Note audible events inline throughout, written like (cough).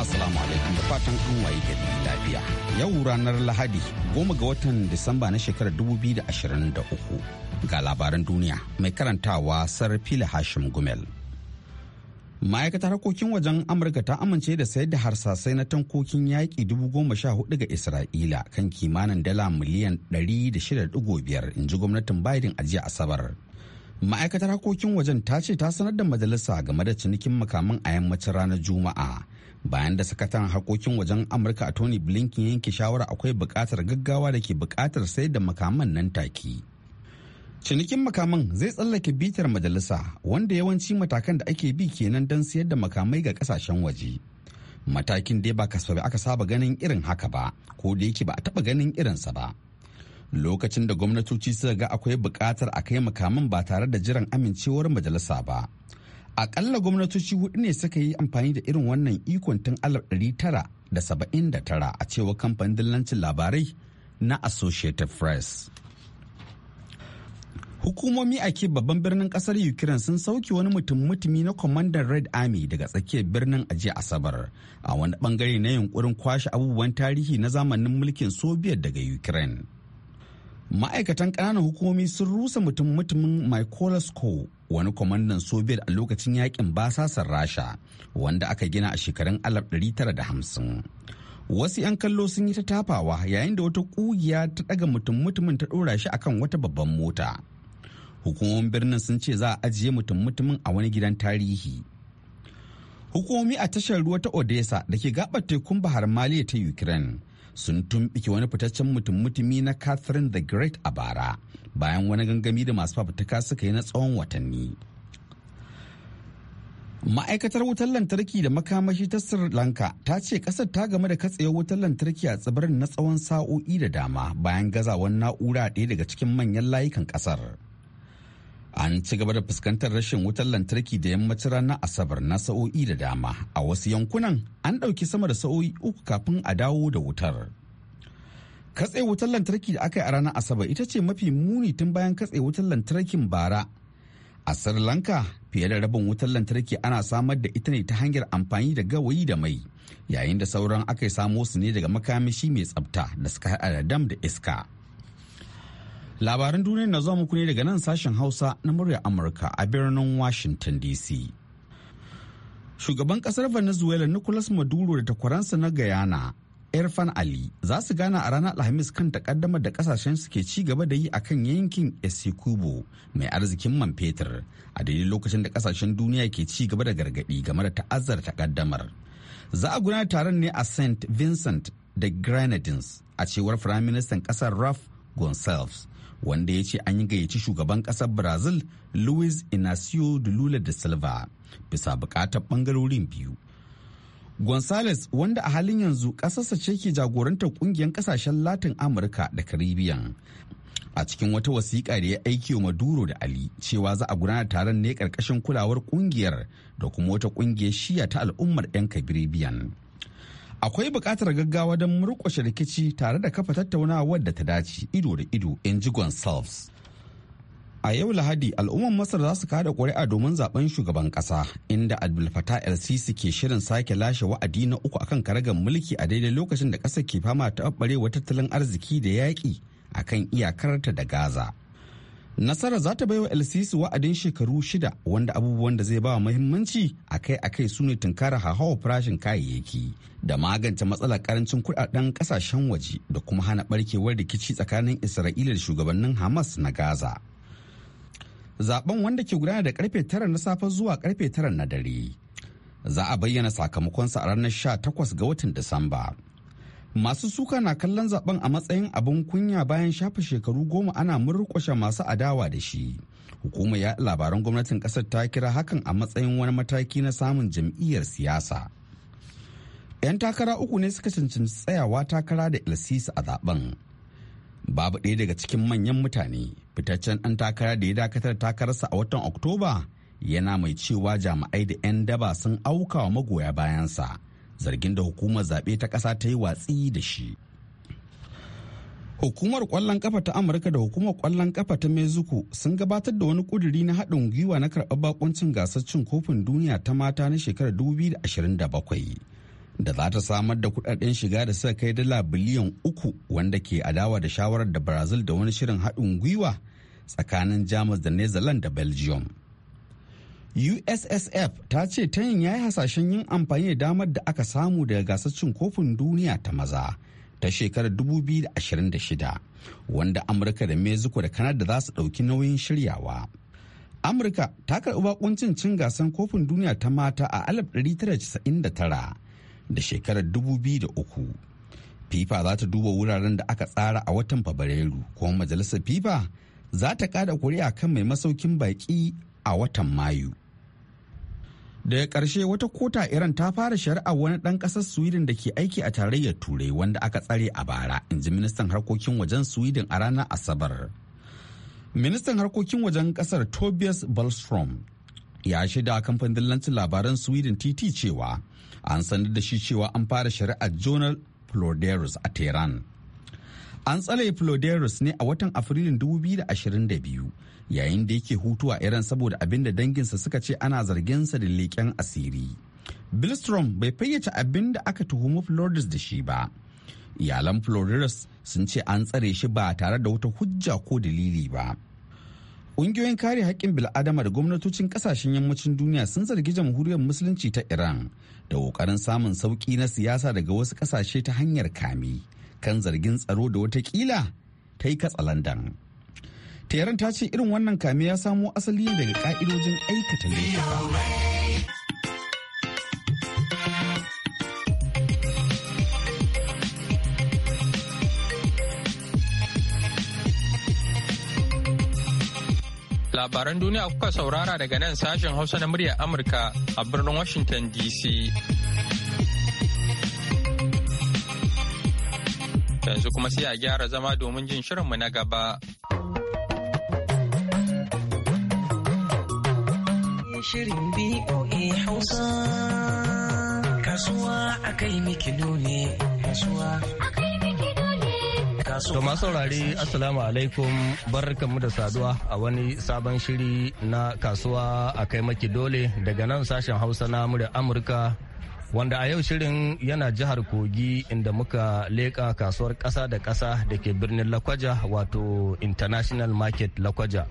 assalamu alaikum da fatan an waye gari lafiya. Yau ranar Lahadi goma ga watan Disamba na shekarar 2023 ga labaran duniya mai karantawa Sarfila Hashim Gumel. Ma'aikatar harkokin wajen Amurka ta amince da sayar da harsasai na tankokin yaƙi hudu ga Isra'ila kan kimanin dala miliyan 106.5 in ji gwamnatin Biden a jiya Asabar. ma'aikatar harkokin wajen ta ce ta sanar da majalisa game da cinikin makaman a yammacin ranar juma'a bayan da sakataren harkokin wajen amurka a tony blinken yanke shawara akwai buƙatar gaggawa da ke buƙatar sai da makaman nan take cinikin makaman zai tsallake bitar majalisa wanda yawanci matakan da ake bi kenan don sayar da makamai ga kasashen waje matakin dai ba kasafi aka saba ganin irin haka ba ko da yake ba a taba ganin irinsa ba lokacin da gwamnatoci suka ga akwai buƙatar a kai makaman ba tare da jiran amincewar majalisa ba Akalla gwamnatoci hudu ne suka yi amfani da irin wannan ikon tun 1979 a cewa kamfanin dillancin labarai na Associated Press. Hukumomi a ke babban birnin kasar Ukraine sun sauke wani mutum mutumi na kwamandan Red Army daga tsakiyar birnin a jiya Asabar a wani bangare na yunkurin kwashe abubuwan tarihi na zamanin mulkin Soviet daga Ukraine. Ma'aikatan ƙananan hukumomi sun rusa mutum mutumin Mykolaiv wani kwamandan soviet a lokacin yakin basasar rasha wanda aka gina a shekarun 1950 wasu 'yan kallo sun yi ta tafawa yayin da wata kugiya ta daga mutum-mutumin ta dora shi akan wata babban mota hukumomin birnin sun ce za a ajiye mutum-mutumin a wani gidan tarihi hukumomi a tashar ruwa ta odessa da ke gabar tekun bahar maliya ta ukraine sun tumɓike wani fitaccen mutum mutumi na catherine the great a bara bayan wani gangami da masu fafutuka suka yi na tsawon watanni ma'aikatar wutar lantarki da makamashi ta sri lanka ta ce kasar ta gamu da katsewar wutar lantarki a tsibirin na tsawon sa'o'i da dama bayan gazawar na'ura ɗaya daga cikin manyan layukan kasar. an ci gaba da fuskantar rashin wutar lantarki da yammacin ranar asabar na sa'o'i da dama a wasu yankunan an ɗauki sama da sa'o'i uku kafin a dawo da wutar katse wutar lantarki da aka yi a ranar asabar ita ce mafi muni tun bayan katse wutar lantarkin bara a sri lanka fiye da rabin wutar lantarki ana samar da ita ne ta hanyar amfani da gawayi da mai yayin da sauran aka samo su ne daga makamashi mai tsabta da suka haɗa da dam da iska Labaran duniya na zuwa muku ne daga nan sashen Hausa na muryar Amurka a birnin Washington DC. Shugaban kasar Venezuela Nicolas Maduro da takwaransa na Guyana, Irfan Ali, za su gana a ranar Alhamis kan takaddamar da kasashen suke ci gaba da yi a kan yankin Essecubo mai arzikin man fetur, a daidai lokacin da kasashen duniya ke ci gaba da gargadi game da ta'azzar takaddamar. Za a gudanar taron ne a saint Vincent da Grenadines, a cewar Firaministan kasar Raf Gonsalves. wanda ya ce an yi gayyaci shugaban ƙasar brazil luis inacio de lula da silva bisa bukatar bangarorin biyu gonzales wanda a halin yanzu ƙasarsa ce ke jagorantar ƙungiyar ƙasashen latin amurka da caribbean a cikin wata wasiƙa da ya aiki wa maduro da ali cewa za a gudanar taron ne ƙarƙashin kulawar ƙungiyar da kuma wata ƙungiyar shiya ta al'ummar 'yan caribbean akwai buƙatar gaggawa don murƙushe rikici tare da kafa tattaunawar da ta dace ido da ido in ji gonsalves a yau lahadi al'umman masar za su kada ƙuri'a domin zaben shugaban ƙasa inda abdul fatah el sisi ke shirin sake lashe wa'adi na uku akan karagar mulki a daidai lokacin da ƙasar ke fama ta tattalin arziki da yaƙi akan iyakarta da gaza Nasara za ta baiwa LCC wa'adin shekaru shida wanda abubuwan da zai ba muhimmanci kai-a kai su ne tunkara hahawa farashin kayayyaki da magance matsalar karancin kudaden kasashen waje da kuma hana barkewar rikici tsakanin Isra'ila da shugabannin Hamas na Gaza. Zaben wanda ke gudana da karfe tara na safe zuwa karfe tara na dare. Za a bayyana sakamakonsa a ranar sha takwas ga watan Disamba. Masu suka na kallon zaben a matsayin abin kunya bayan shafa shekaru goma ana murkushe masu adawa da shi. Hukumar ya labaran gwamnatin ƙasar ta kira hakan a matsayin wani mataki na samun jam'iyyar siyasa. 'Yan takara uku ne suka cancanci tsayawa takara da Elsisi a zaben. Babu ɗaya daga cikin manyan mutane, fitaccen ɗan takara da ya dakatar takararsa a watan Oktoba yana mai cewa jami'ai da 'yan daba sun auka wa magoya bayansa. zargin da hukumar zaɓe ta ƙasa ta yi watsi da shi hukumar kwallon kafa ta amurka da hukumar kwallon kafa ta mexico sun gabatar da wani kuduri na haɗin gwiwa na karɓar bakuncin gasar cin kofin duniya ta mata na shekarar 2027 da za ta samar da kudaden shiga da suka kai dala biliyan uku wanda ke adawa da shawarar da brazil da wani shirin haɗin gwiwa tsakanin jamus da netherlands da belgium ussf ta ce tayin ya yi hasashen yin amfani da damar da aka samu daga gasar cin kofin duniya ta maza ta shekarar 2026 wanda amurka da mexico da canada za su ɗauki nauyin shiryawa amurka ta karɓi bakuncin cin gasar kofin duniya ta mata a 1999 da shekarar 2003 fifa za ta duba wuraren da aka tsara a watan fabrairu kuma majalisar fifa za ta kada kuri'a kan mai masaukin baki a watan mayu daga ƙarshe wata kota iran ta fara shari'a wani ɗan ƙasar sweden da ke aiki a tarayyar turai wanda aka tsare a bara in ji ministan harkokin wajen sweden a ranar asabar ministan harkokin wajen ƙasar tobias balstrom ya shaida kamfanin dillancin labaran sweden tt cewa an sanar da shi cewa an fara shari'ar jonal floderus a tehran an tsare floderus ne a watan afrilun 2022 yayin da yake hutu a iran saboda abin da danginsa suka ce ana zarginsa da leƙen asiri bilstrom bai fayyace abin da aka tuhumi Floridas da shi ba iyalan Floridas sun ce an tsare shi ba tare da wata hujja ko dalili ba ƙungiyoyin kare haƙƙin bil'adama da gwamnatocin ƙasashen yammacin duniya sun zargi jamhuriyar musulunci ta iran da ƙoƙarin samun sauƙi na siyasa daga wasu ƙasashe ta hanyar kame kan zargin tsaro da watakila ta yi katsa katsalandan. tayaran ta ce irin wannan kame ya samo asali ne daga ka'idojin aikata laifuka. Labaran duniya kuka saurara daga nan sashen Hausa na muryar Amurka a birnin Washington DC. Yanzu kuma sai a gyara zama domin jin shirinmu na gaba. Shirin BOA Hausa. Kasuwa a kai miki dole. Kasuwa a kai To masu saurari Assalamu alaikum barkanmu da saduwa a wani sabon shiri na kasuwa a kai maki dole daga nan sashen Hausa na murya Amurka wanda a yau shirin yana jihar Kogi inda muka leƙa kasuwar ƙasa da ƙasa da ke birnin Lakwaja wato International Market Lakwaja.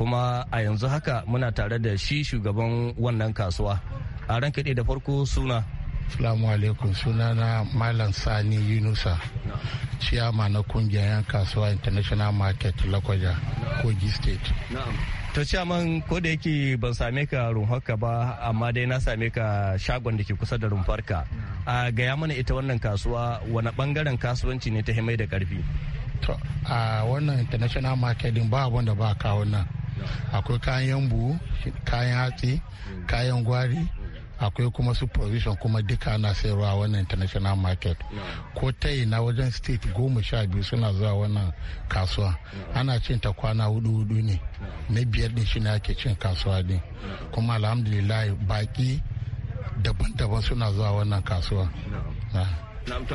kuma a yanzu haka muna tare da shi shugaban wannan kasuwa a ran kaɗe da farko suna Salamu alaikum na Malam Sani Yunusa, ciyama na kungiyar 'yan kasuwa International Market Lakwaja, Kogi State. To ciyaman ko da yake ban same ka rumfarka ba amma dai na same ka shagon da ke kusa da rumfarka. A gaya mana ita wannan kasuwa wani bangaren kasuwanci ne ta himai da karfi. a wannan international marketing ba abin da ba kawo nan. akwai kayan buhu kayan hatsi kayan gwari akwai kuma su provision kuma duka ana sayarwa a wannan international market ko ta na wajen state goma sha biyu suna zuwa wannan kasuwa ana cin ta kwana hudu hudu ne na biyar din shine ake cin kasuwa din kuma alhamdulillah baki daban-daban suna zuwa wannan kasuwa na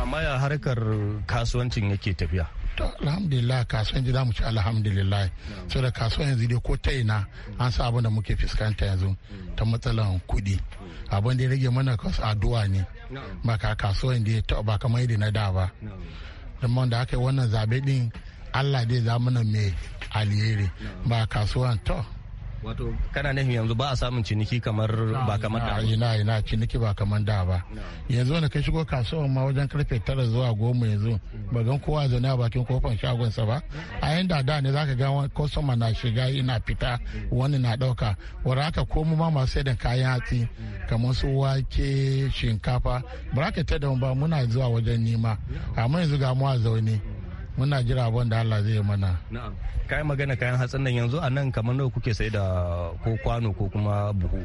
amma ya harkar kasuwancin yake tafiya to alhamdulillah kasuwan ji za mu ci alhamdulillah so da kasuwan yanzu dai ko ta ina mm. an sa abin da muke fuskanta yanzu mm. ta matsalan kuɗi mm. abin da ya rage mana addu'a ne ba ka kasuwan da ya ba kamar yadda na da ba don da aka yi wannan zabe din allah dai za mana mai alheri ba kasuwan to wato kana nufin yanzu ba a samun ciniki kamar ba kamar da ina ina ciniki ba kamar da ba yanzu wanda kai shigo kasuwa ma wajen karfe tara zuwa goma yanzu hmm. ba gan kowa zaune a bakin kofan kofar sa ba a yanda da ne zaka ga kwastoma na shiga ina fita hmm. wani na dauka wara haka ko mu ma masu da kayan hatsi hmm. kamar su wake shinkafa ba ka ta da ba muna zuwa wajen nima amma yanzu ga mu a zaune muna jira abin da Allah zai mana na'am kai magana kayan hatsin nan yanzu a nan kamar nawa kuke sai da ko kwano ko kuma buhu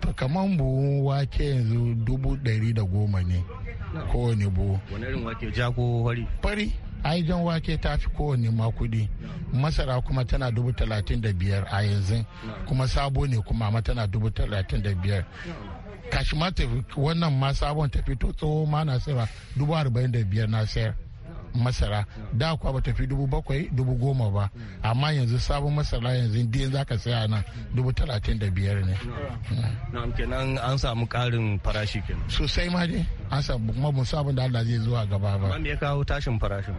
to kamar buhu wake yanzu dubu ɗari da goma ne kowane buhu wani irin wake ja ko fari fari ai jan wake ta fi kowane makudi masara kuma tana dubu talatin da biyar a yanzu kuma sabo ne kuma ma tana dubu talatin da biyar kashi ma wannan ma sabon ta fito tsoho ma na sayar dubu arba'in da biyar na sayar masara da kuwa ba tafi dubu bakwai dubu goma ba amma yanzu sabon masara yanzu din za ka saya nan dubu talatin da biyar ne na kenan an samu karin farashi kenan sosai ma dai an samu kuma sabon da Allah zai zuwa gaba ba me ya kawo tashin farashin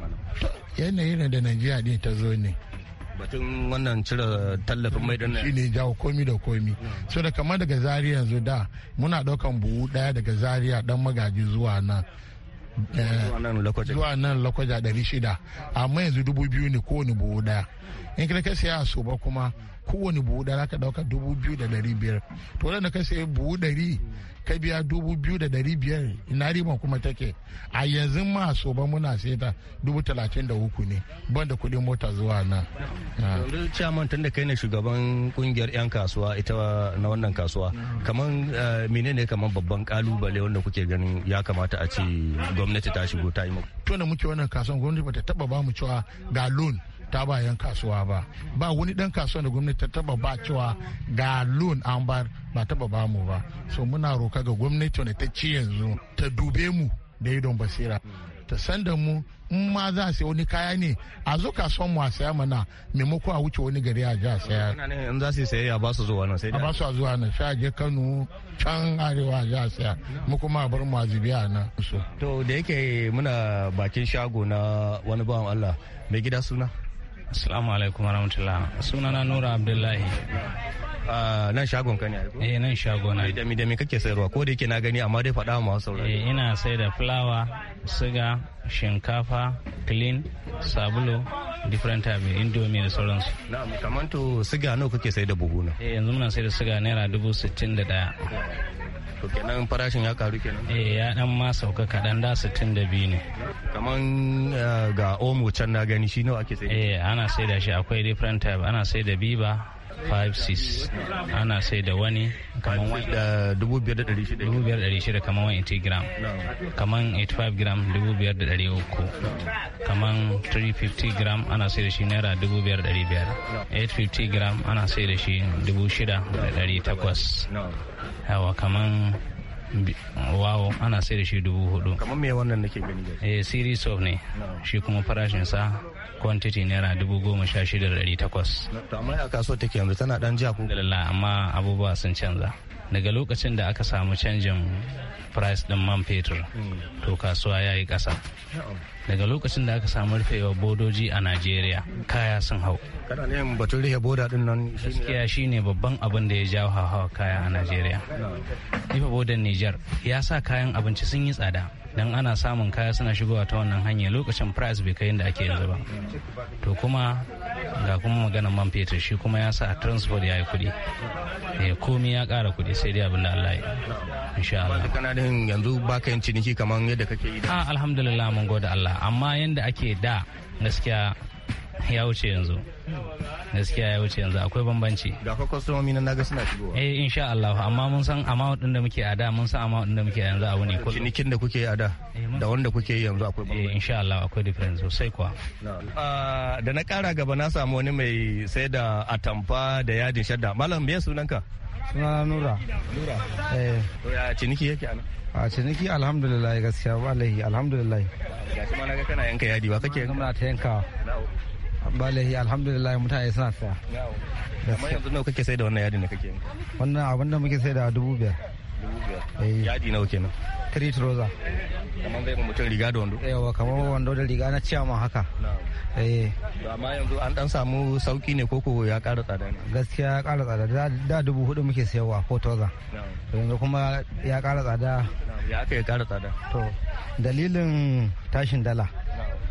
yanayin da Najeriya din ta zo ne batun wannan cire tallafin mai dana shi ne jawo komi da komi so da kamar daga zaria yanzu da muna daukan buhu daya daga zaria dan magaji zuwa nan zuwa eh, nan lakwaja ɗari shida amma yanzu dubu biyu ne kowane buhu ɗaya in ka ka siya so ba kuma kowane buhu ɗaya ka ɗauka dubu biyu da ɗari biyar to da ka siya buhu ɗari ka biya dubu biyu da dari biyar ina riba kuma take a yanzu ma so ba muna sai ta dubu talatin da uku ne ban da kuɗin mota zuwa na. yanzu Chairman tun da kai ne shugaban kungiyar 'yan kasuwa ita na wannan kasuwa kaman eh, menene kaman babban kalubale wanda kuke ganin ya kamata a ce gwamnati ta shigo ta yi muku. tun da muke wannan kasuwan gwamnati bata taba ba mu cewa ga loan ta ba yan kasuwa ba ba wani dan kasuwa da gwamnati ta taba ba cewa ga loan an bar ba taba ba mu ba so muna roka ka ga gwamnati wanda ta ci yanzu ta dube mu da idon basira ta san da mu in ma za a wani kaya ne a zo kasuwan mu a saya mana maimako a wuce wani gari a ja saya in za su saya a ba su zuwa nan sai a ba su zuwa nan sai a je Kano can arewa a ja saya mu kuma a bar mu a zubi a nan to da yake muna bakin shago na wani bawan Allah mai gida suna assalamu alaikum warahmatullahi sunana Nura Abdullahi nan shagon ka ne eh nan shagon na da mi da kake sayarwa ko da yake na gani amma dai faɗa ma wasu eh ina sai da fulawa siga shinkafa clean sabulu different type indomie da sauransu na'am kamar to siga nawa kake sai da buhu na eh yanzu muna sai da siga naira dubu sittin da daya to kenan farashin ya karu kenan eh ya dan ma sauka kaɗan da 62 ne kaman eh, ga omo can na gani shi nawa ake sai eh ana sai da shi akwai different type ana sai da biba 5-6 ana sai da wani kamar 5,600 kamar 180 gram kamar 85 gram 5,300 kamar 350 gram ana sai da shi naira 5,500 850 gram ana sai da shi 6,800 yawa kamar wawo ana sai da shi dubu hudu kamar me wannan nake gani eh series of ne shi kuma farashinsa kwantiti naira dubu goma sha shida da ɗari takwas. amma a kasuwar take yanzu tana dan ja ku. alhamdulillah amma abubuwa sun canza daga lokacin da aka samu canjin price din man fetur hmm. to kasuwa ya yi ƙasa daga lokacin da aka samu rufewa bodoji a najeriya kaya sun hau kana ne batun rufe boda din nan gaskiya shine babban abin da ya jawo hawa kaya a najeriya rufe bodan Nijar ya sa kayan abinci sun yi tsada don ana samun kaya suna shigowa ta wannan hanya lokacin price bai kai yadda ake yanzu ba to kuma ga kuma maganan man fetur shi kuma ya sa transport ya yi kuɗi eh, komi ya kara kuɗi sai dai abin da Allah ya insha Allah kana da yanzu baka yin ciniki kamar yadda kake yi a ah, alhamdulillah mun gode Allah amma yanda ake da gaskiya ya wuce yanzu gaskiya ya wuce yanzu akwai bambanci da akwai kwastomomi na naga suna shigowa eh insha Allah amma mun san amount din da muke a da mun san amount din da muke yanzu abu ne kullum cinikin da kuke a da eh, da wanda kuke yi yanzu akwai bambanci eh insha Allah akwai difference sosai kuwa ah, da na kara gaba na samu wani mai sai da atamfa da yadin shadda malam me sunanka sunana nura nura eh to ya ciniki yake anan a ciniki alhamdulillah gaskiya wallahi alhamdulillah gashi ma naga kana yanka yadi ba kake yanka ta yanka balahi alhamdulillah mutane suna saya amma yanzu nawa kake sai da wannan yadin ne kake wannan abin da muke sai da dubu biyar eh. yadi nawa kenan three trouser kamar zai mutum riga da wando wa kamar wando da riga na ciyama haka eh amma yanzu an dan samu sauki ne koko ya kara tsada ne gaskiya ya kara tsada da dubu hudu muke sayarwa ko toza. yanzu kuma ya kara tsada ya aka ya kara tsada to dalilin tashin dala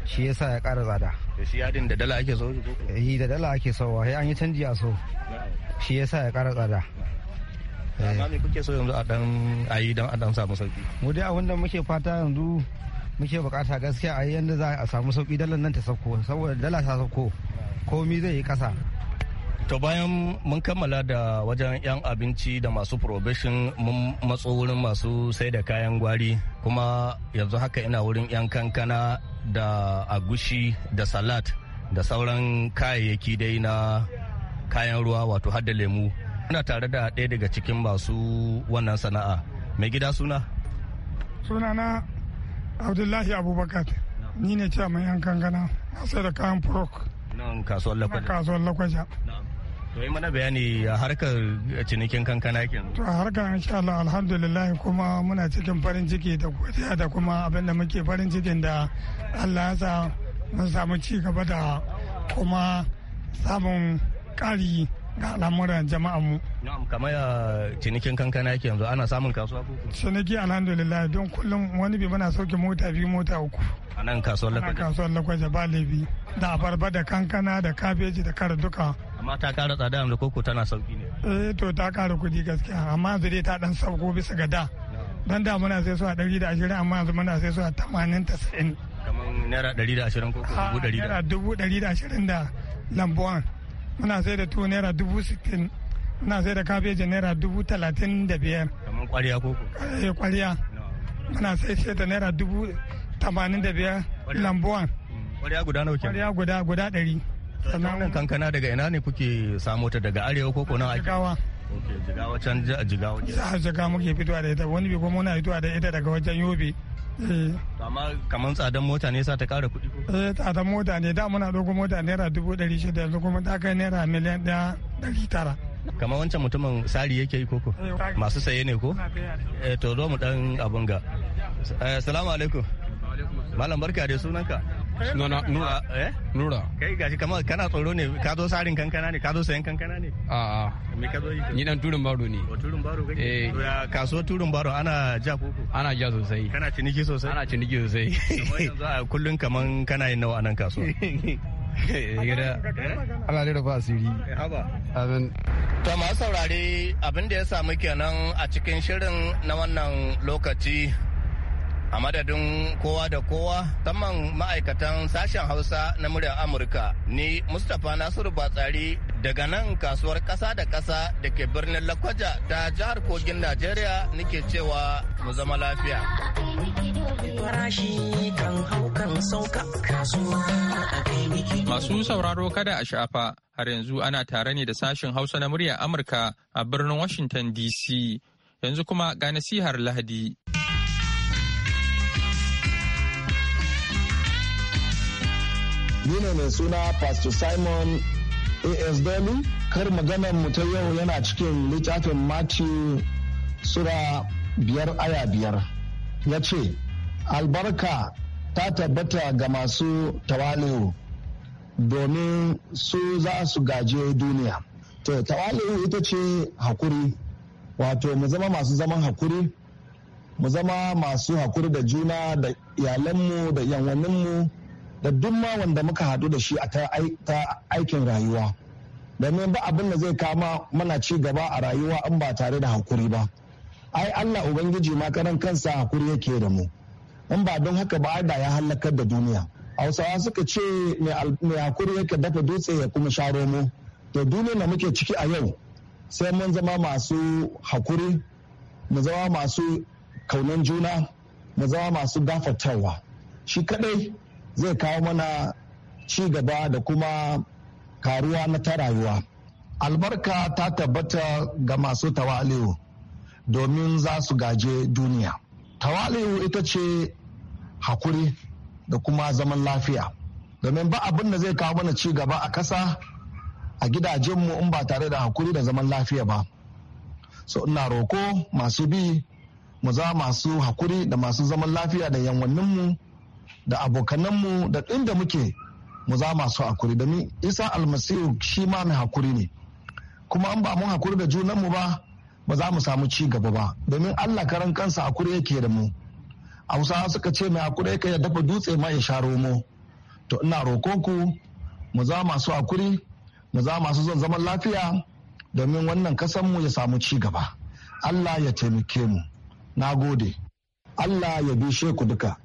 shi yasa ya ƙara tsada da shi yadin da dala ake so shi eh, da dala ake so sai an yi canji a so shi yasa ya ƙara tsada amma me kuke so yanzu a dan ayi dan adam samu sauki mu dai abin da muke fata yanzu muke bukata gaskiya a yanda za a samu sauki dalar nan ta sauko saboda dala ta sauko komi zai yi ƙasa to bayan mun kammala da wajen 'yan abinci da masu probation mun matso wurin masu sai da kayan gwari kuma yanzu haka ina wurin 'yan kankana da agushi da salat da sauran kayayyaki dai na kayan ruwa wato hada lemu ina tare da ɗaya daga cikin masu wannan sana'a mai gida suna sunana abdullahi abubakar ni ne ce mai yan kankana masu da kayan prok. nan kasuwar lakwaja To yi mana bayani a harkar cinikin kankana kin. To a harkar insha Allah alhamdulillah kuma muna cikin farin ciki da godiya da kuma abin da muke farin cikin da Allah ya sa mun samu ci gaba da kuma samun ƙari ga al'amuran jama'a mu. Na'am kamar cinikin kankana yake yanzu ana samun kasuwa ko? Ciniki alhamdulillah don kullum wani bi muna sauke mota biyu mota uku. A nan kasuwar lakwaje? A kasuwar lakwaje ba laifi da abarba da kankana da kabeji da kara duka. amma ta kara tsada yanzu koko tana sauki ne eh to ta kara kuɗi gaskiya amma yanzu dai ta dan sauko bisa ga da dan da muna sai su a ɗari da ashirin amma yanzu muna sai su a tamanin tasa'in kamar naira 120 da ashirin ko dubu da naira dubu da ashirin da lambuwan muna sai da tuwo naira dubu sittin muna sai da kabeji naira dubu talatin da biyar kamar kwariya koko. eh kwariya muna sai sai da naira dubu tamanin da biyar lambuwan kwariya mm. guda nauke. kenan kwariya guda guda ɗari sannan kankana daga ina ne kuke samo ta daga arewa ko kona Jigawa. gawa jigawa can jigawa za jiga muke fitowa da ita wani bai kuma muna fitowa da ita daga wajen yobe eh. amma kamar tsadan mota ne sa ta kara kuɗi ko eh tsadan mota ne da muna dogon mota naira dubu ɗari shida yanzu kuma ta kai naira miliyan ɗaya ɗari tara kamar wancan mutumin sari yake yi koko eh, masu saye ne ko eh to zo mu dan abun ga assalamu eh, alaikum malam barka da sunanka Sunana Nura. Eh? Nura. Kai gashi kama kana tsoro ne ka zo sarin kankana ne ka zo sayan kankana ne? A'a. Me ka zo yi? Ni dan turun baro ne. O oh, turun baro kake? Eh. To ya kasuwar turun baro ana ja koko? Ana ja sosai. Kana ciniki sosai? Ana ciniki sosai. Kamar yanzu a kullun kaman kana yin nawa a nan kasuwa. (laughs) Eh, gida ana da rufa asiri eh, abin to masu saurare abin da ya samu kenan a cikin shirin na wannan lokaci a madadin kowa da kowa kamar ma'aikatan sashen hausa na muryar amurka ni mustapha nasiru batsari daga nan kasuwar ƙasa da ƙasa da ke birnin lakwaja ta jihar kogin najeriya nake cewa mu zama lafiya masu sauraro kada a shafa har yanzu ana tare ne da sashen hausa na muryar amurka a birnin washington dc yanzu kuma ga nasihar lahadi ni ne mai suna pastor simon as dolly kar maganar mu ta yau yana cikin littafin matthew sura biyar aya biyar ya ce albarka ta tabbata ga masu tawali'u domin su za su gaje duniya to tawali'u ita ce hakuri wato mu zama masu zaman hakuri mu zama masu hakuri da juna da iyalanmu da yanwaninmu da duk ma wanda muka haɗu da shi a ta aikin rayuwa domin ba abin da zai kama mana ci gaba a rayuwa in ba tare da hakuri ba ai allah ubangiji ma karan kansa hakuri yake da mu in ba don haka ba da ya halakar da duniya hausawa suka ce mai hakuri yake dafa dutse ya kuma sha romo to duniya da muke ciki a yau sai mun zama masu hakuri mu zama masu kaunan juna mu zama masu gafartarwa shi kadai zai kawo mana ci gaba da kuma karuwa na ta rayuwa albarka ta tabbata ga masu tawali'u domin za su gaje duniya tawali'u ita ce hakuri da kuma zaman lafiya domin ba abin da zai kawo mana ci gaba a ƙasa a gidajenmu in ba tare da hakuri da zaman lafiya ba so ina roko masu bi mu za masu hakuri da masu zaman lafiya da yanwanninmu da abokananmu da da muke mu za masu hakuri ni isa almasihu shi ma mai hakuri ne kuma an ba mu hakuri da junanmu ba ba za mu samu ci gaba ba domin allah karan kansa hakuri yake da mu A wasu suka ce mai hakuri yake ya dafa dutse ma ya sha romo to ina ku mu za masu hakuri mu za masu zan zaman lafiya domin wannan kasan mu ya samu ci gaba allah ya taimake mu na gode allah ya bishe ku duka.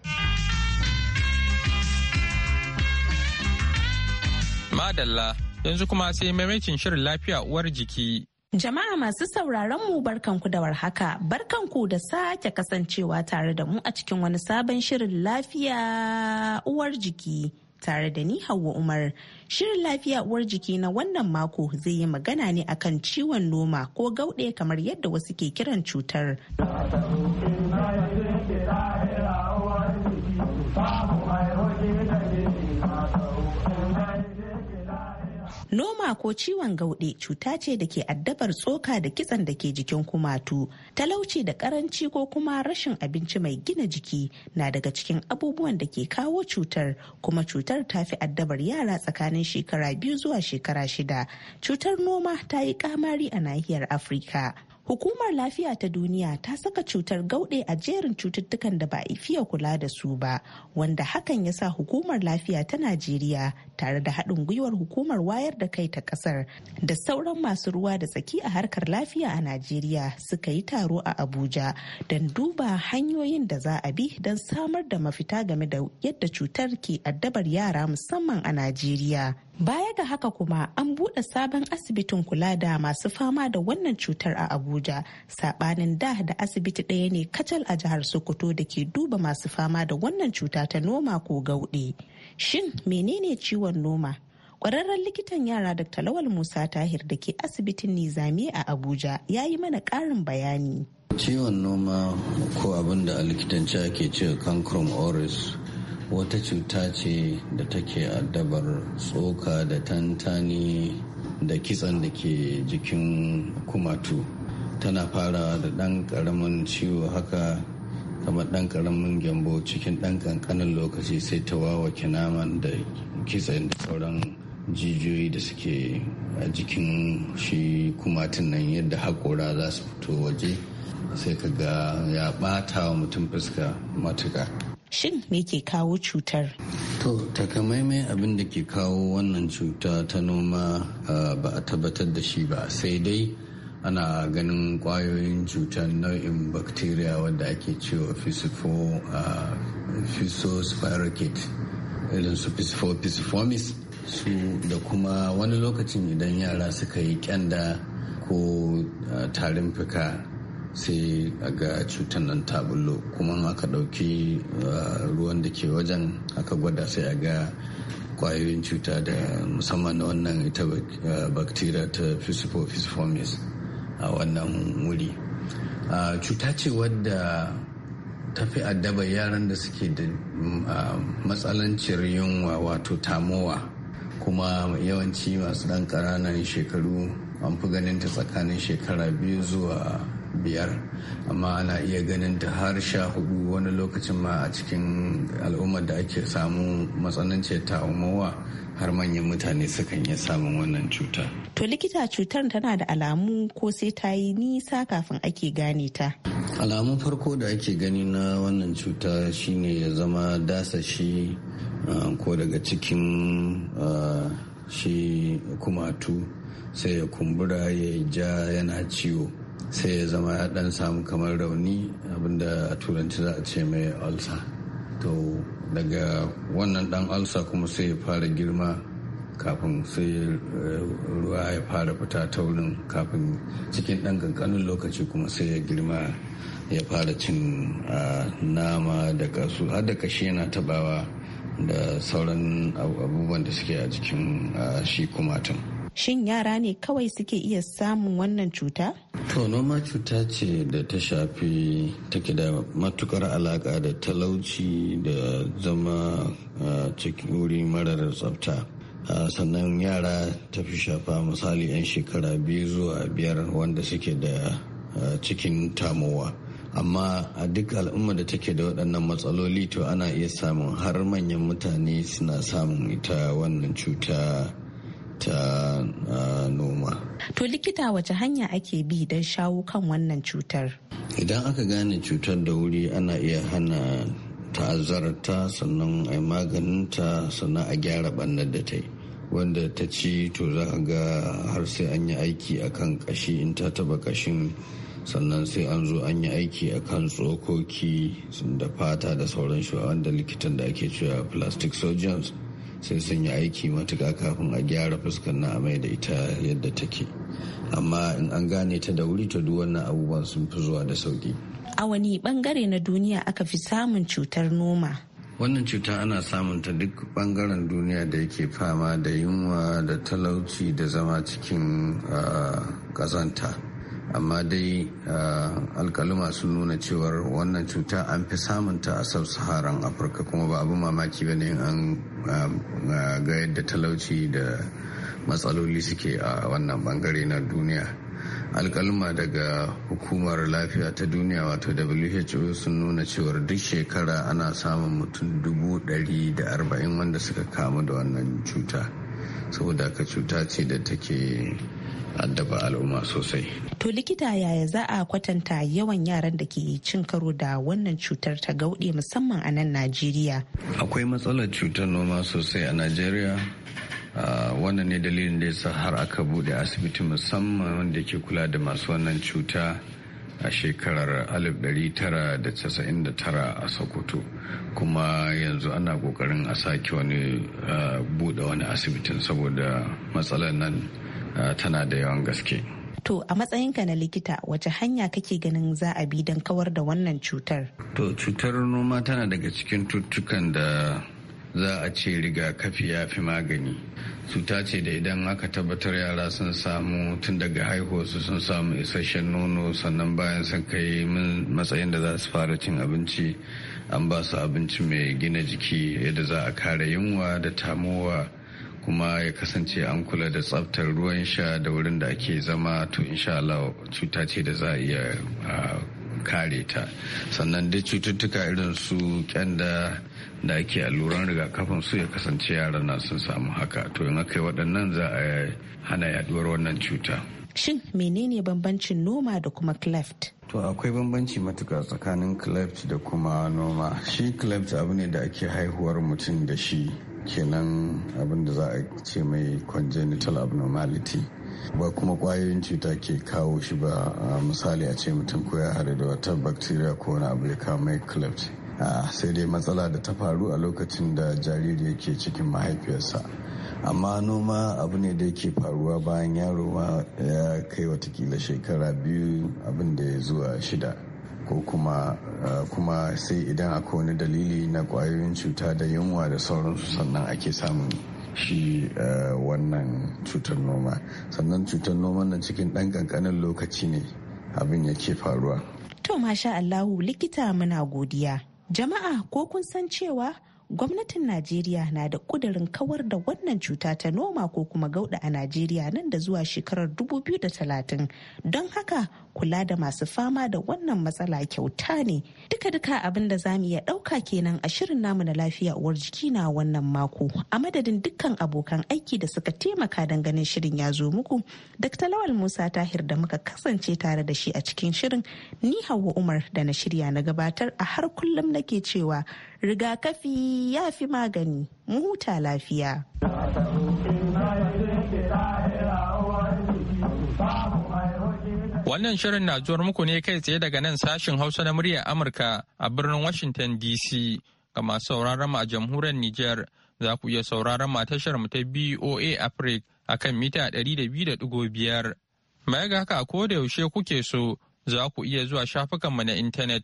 Madalla yanzu kuma sai maimakin shirin lafiya uwar jiki. Jama'a masu sauraron mu barkanku da warhaka, barkanku da sake kasancewa tare da mu a cikin wani sabon shirin lafiya uwar jiki. Tare da ni Hauwa Umar, shirin lafiya uwar jiki na wannan mako zai yi magana ne akan ciwon noma ko gauɗe kamar yadda wasu ke kiran cutar. Noma ko ciwon gauɗe cuta ce da ke addabar tsoka da kitsan da ke jikin kumatu. Talauci da karanci ko kuma rashin abinci mai gina jiki na daga cikin abubuwan da ke kawo cutar kuma cutar ta fi addabar yara tsakanin shekara biyu zuwa shekara shida. Cutar noma ta yi kamari a nahiyar Afirka. hukumar lafiya ta duniya ta saka cutar gauɗe a jerin cututtukan da ba a fiye kula da su ba wanda hakan ya sa hukumar lafiya ta najeriya tare da haɗin gwiwar hukumar wayar da kai ta ƙasar da sauran masu ruwa da tsaki a harkar lafiya a najeriya suka yi taro a abuja don duba hanyoyin da za a bi don samar da mafita game da yadda cutar ke addabar yara musamman a najeriya Baya ga haka kuma an buɗe sabon asibitin kula da masu fama da wannan cutar a Abuja Saɓanin da da asibiti ɗaya ne kacal a jihar Sokoto da ke duba masu fama da wannan cuta ta noma ko gauɗe. Shin menene ciwon noma? Ƙwararren likitan yara da Lawal Musa Tahir da ke asibitin Nizami a Abuja ya yi mana ƙarin bayani. Ciwon noma ko abin a likitanci ake ce cancrum oris wata cuta ce da take addabar tsoka da tantani da kitsan da ke jikin kumatu tana fara da ɗan ƙaramin ciwo haka kamar ɗan ƙaramin gyambo cikin ɗan ƙanƙanin lokaci sai ta wawake naman da kitsan da sauran jijiyoyi da suke a jikin shi kumatun nan yadda haƙora za su fito waje sai ka ga ya ɓata wa mutum fuska matuka shin me ke kawo cutar to takamaimai abin da ke kawo wannan cuta ta noma ba a tabbatar da shi ba sai dai ana ganin kwayoyin cutar nau'in bacteria wadda ake cewa physospirocate irin su physiformis su da kuma wani lokacin idan yara suka yi kyanda ko tarin fika sai a ga cutar nan ta bullo kuma aka ɗauki ah, ruwan da ke wajen aka gwada sai a ga kwayoyin cuta da musamman wannan ita ah, bacteria ta physophysiformis a wannan wuri ah, cuta ce wadda ta fi addaba yaran da suke da matsalancin yunwa wato tamowa kuma yawanci masu ɗan ƙananan shekaru an fi ganin ta tsakanin shekara biyu zuwa biyar amma ana iya ganin ta har sha hudu wani lokacin ma a cikin al'ummar da ake samu matsananciyar ta'umawa har manyan mutane sukan iya samun wannan cuta. To likita cutar tana da alamu ko sai ta yi nisa kafin ake gane ta. Alamun farko da ake gani na wannan cuta shine ya zama dasashi ah, ko daga cikin ah, shi kumatu sai ya kumbura ya ja yana ciwo. sai ya zama ya dan samu kamar rauni abinda a turanci za a ce mai alsa to daga wannan dan alsa kuma sai ya fara girma kafin sai eh, ruwa ya fara fita ta wurin kafin cikin ɗan kankanin lokaci kuma sai ya girma ya fara cin eh, nama da kasu har da kashi yana tabawa da sauran abubuwan da suke a jikin eh, shi kumatun. shin yara ne kawai suke iya samun wannan cuta? To noma cuta ce da ta shafi take da matukar alaka da talauci da zama cikin wuri marar tsafta. sannan yara ta fi shafa misali 'yan shekara biyu zuwa biyar wanda suke da cikin tamowa amma a duk al'umma da take da waɗannan matsaloli to ana iya samun har manyan mutane suna samun ita wannan cuta ta ah, noma. To likita wace hanya ake bi don shawo kan wannan cutar? Idan aka gane cutar da wuri ana iya hana ta'azzarta sannan a maganinta sannan a gyara bannar da ta yi. wanda ta ci to za a ga har sai an yi aiki a kan kashi in ta taba kashin sannan sai an zo an yi aiki a kan tsokoki da fata da sauran shi wanda likitan da ake cewa plastic surgeons sai sun yi aiki matuka kafin a gyara fuskar na amai da ita yadda take amma in an gane ta da wuri ta duk wannan abubuwan sun fi zuwa da sauki a wani bangare na duniya aka fi samun cutar noma wannan cuta ana samun ta duk bangaren duniya da yake fama da yunwa da talauci da zama cikin kazanta ah, amma dai alkaluma sun nuna cewar wannan cuta an fi ta a sub saharan afirka kuma ba abin mamaki ba ne an ga yadda talauci da matsaloli suke a wannan bangare na duniya alkaluma daga hukumar lafiya ta duniya wato who sun nuna cewar duk shekara ana samun mutum dubu da arba'in wanda suka kamu da wannan cuta saboda ka cuta ce da take addaba al'umma sosai. To likita yaya za a kwatanta yawan yaran da ke cin karo da wannan cutar ta gauɗe musamman a nan Najeriya? Akwai matsalar cutar noma sosai a Najeriya. wannan ne dalilin da yasa har aka buɗe asibiti musamman wanda ke kula da masu wannan cuta a shekarar 1999 a sokoto kuma yanzu ana kokarin a sake wani buɗe wani asibitin saboda matsalar nan tana da yawan gaske. To a matsayinka na likita wace hanya kake ganin za a bi don kawar da wannan cutar? To cutar noma tana daga cikin tuttukan da za a ce rigakafi ya fi magani. Cuta ce da idan aka tabbatar yara sun samu tun daga haihuwarsu sun samu isasshen nono sannan bayan sun kai matsayin da za su fara cin abinci an ba su abinci mai gina jiki yadda za a kare yunwa da tamowa. kuma ya kasance an kula da tsaftar ruwan sha da wurin da ake zama to insha Allah cuta ce da za a iya kare ta sannan duk cututtuka irin su kyanda da ake alluran rigakafin su ya kasance yaran na sun samu haka to in aka waɗannan za a hana yaduwar wannan cuta shin menene bambancin noma da kuma cleft to akwai bambanci matuka tsakanin cleft da kuma noma shi cleft abu ne da ake haihuwar mutum da shi kenan abin da za a ce mai congenital abnormality ba kuma kwayoyin cuta ke kawo shi ba misali a ce mutum ko ya hare da wata bacteria ko wani abu ya kawo mai cleft sai dai matsala da ta faru a lokacin da jariri yake cikin mahaifiyarsa amma noma abu ne da yake faruwa bayan yaro ma ya kai watakila shekara biyu abin da ya zuwa shida ko kuma eh, kuma sai idan akwai wani dalili na kwayoyin cuta da yunwa da sauransu sannan ake samun shi eh, wannan cutar noma sannan cutar noma na cikin ɗan ƙanƙanin lokaci ne abin yake faruwa to masha allahu likita muna godiya jama'a ko kun san cewa gwamnatin najeriya na da kudirin kawar da wannan cuta ta noma ko kuma gauda a najeriya nan da zuwa shekarar 2030 don haka kula da masu fama da wannan matsala kyauta ne duka-duka abin da zamu iya dauka kenan a shirin namu na lafiya uwar jiki na wannan mako a madadin dukkan abokan aiki da suka taimaka don ganin shirin ya zo muku dr lawal musa tahir da muka kasance tare da shi a cikin shirin ni hawa umar da na shirya na gabatar a har kullum nake cewa rigakafi ya fi magani mu huta lafiya wannan shirin na zuwar muku ne kai tsaye daga nan sashin hausa na muryar amurka a birnin washington dc ga masu sauraron mu a jamhuriyar Nijar. za ku iya sauraron mu a tashar mu ta boa africa a kan mita 200.5 Mai ga haka a da yaushe kuke so za ku iya zuwa shafukanmu na intanet